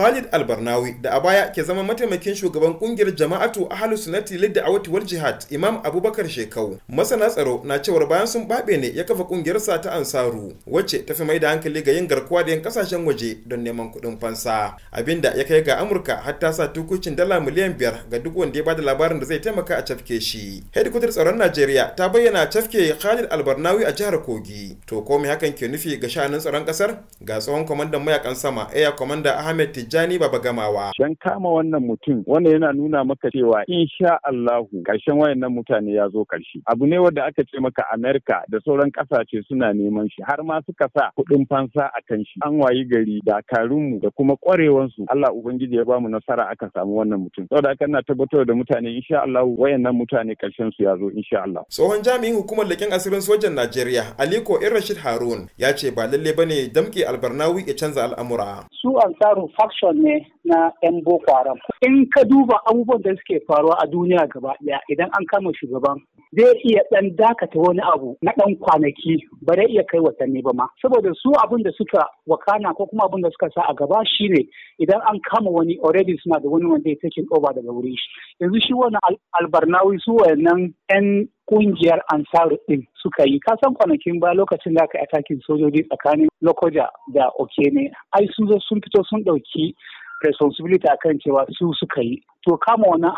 Khalid Albarnawi da a baya ke zama mataimakin shugaban kungiyar jama'atu ahlus sunnati lid da'awati wal jihad Imam Abubakar Shekau masana tsaro na cewar bayan sun babe ne ya kafa kungiyar sa ta Ansaru wacce ta fi mai da hankali ga yin garkuwa da yan kasashen waje don neman kuɗin fansa abinda ya kai ga Amurka hatta sa tukucin dala miliyan biyar ga duk wanda ya bada labarin da zai taimaka a cafke shi hedikwatar tsaron Najeriya ta bayyana cafke Khalid Albarnawi a jihar Kogi to ko me hakan ke nufi ga sha'anin tsaron kasar ga tsohon kwamandan mayakan sama Air Commander Ahmed Tijjani Baba Gamawa. Don kama wannan mutum wanda yana nuna maka cewa insha Allahu karshen wayannan mutane ya zo karshe. Abu ne wanda aka ce maka Amerika da sauran kasashe suna neman shi har ma suka sa kuɗin fansa a kan shi. An wayi gari dakarunmu da kuma ƙwarewansu Allah Ubangiji ya bamu nasara aka samu wannan mutum. Saboda haka ina tabbatar da mutane insha Allahu wayannan mutane karshen su ya zo insha Allah. Tsohon jami'in hukumar leƙen asirin sojan Najeriya Aliko Irrashid Harun ya ce ba lalle bane damƙe albarnawi ya canza al'amura. Su an tsarin faction ne na 'yan Boko Haram. in ka duba abubuwan da suke faruwa a duniya gaba ɗaya idan an kama shugaban zai iya ɗan dakata wani abu na ɗan kwanaki ba zai iya kai watanni ba ma saboda su abin da suka wakana ko kuma abin da suka sa a gaba shine idan an kama wani already suna da wani wanda ya take over daga wuri. shi yanzu shi wani albarnawi su wayannan 'yan kungiyar ansaru din suka yi kasan kwanakin ba lokacin da aka yi atakin sojoji tsakanin lokoja da okene ai sun zo sun fito sun ɗauki responsibility kan cewa su suka yi to kama wannan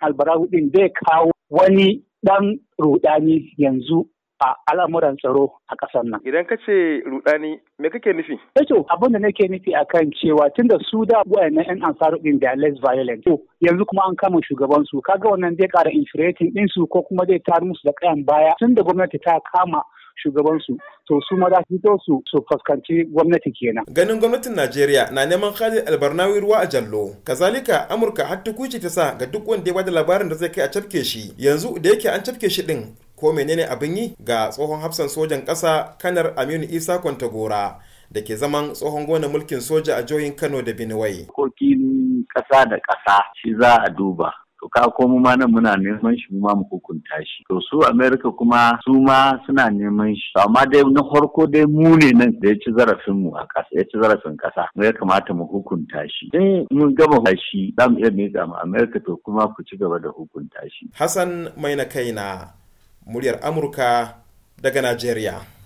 albarawudin zai kawo wani ɗan rudani yanzu a al'amuran tsaro a ƙasar nan. Idan ka ce rudani me kake nufi? Eto eh abin da nake nufi a kan cewa tun da su da wayannan yan ansaru ɗin da less violent to yanzu kuma an kama shugabansu. su kaga wannan zai ƙara infuriating din su ko kuma zai tar musu da kayan baya tun da gwamnati ta kama shugabansu, to su ma za su fito su su fuskanci gwamnati kenan. Ganin gwamnatin Najeriya na neman Khalid Albarnawi ruwa a jallo. Kazalika Amurka har ta kuce ta sa ga duk wanda ya bada labarin da zai kai a cafke shi. Yanzu da yake an cafke shi din ko menene abin yi ga tsohon hafsan sojan ƙasa kanar aminu isa kwantagora da ke zaman tsohon gona mulkin soja a jihohin kano da binuwai kokin ƙasa da ƙasa shi za a duba to ka komo ma nan muna neman shi ma mu hukunta shi to su america kuma su ma suna neman shi amma dai na farko dai mu ne nan da ya ci zarafin mu a ƙasa ya ci zarafin ƙasa, mu ya kamata mu hukunta shi in mun gama shi za mu iya miƙa mu america to kuma ku ci gaba da hukunta shi hassan mai na kaina muryar amurka daga najeriya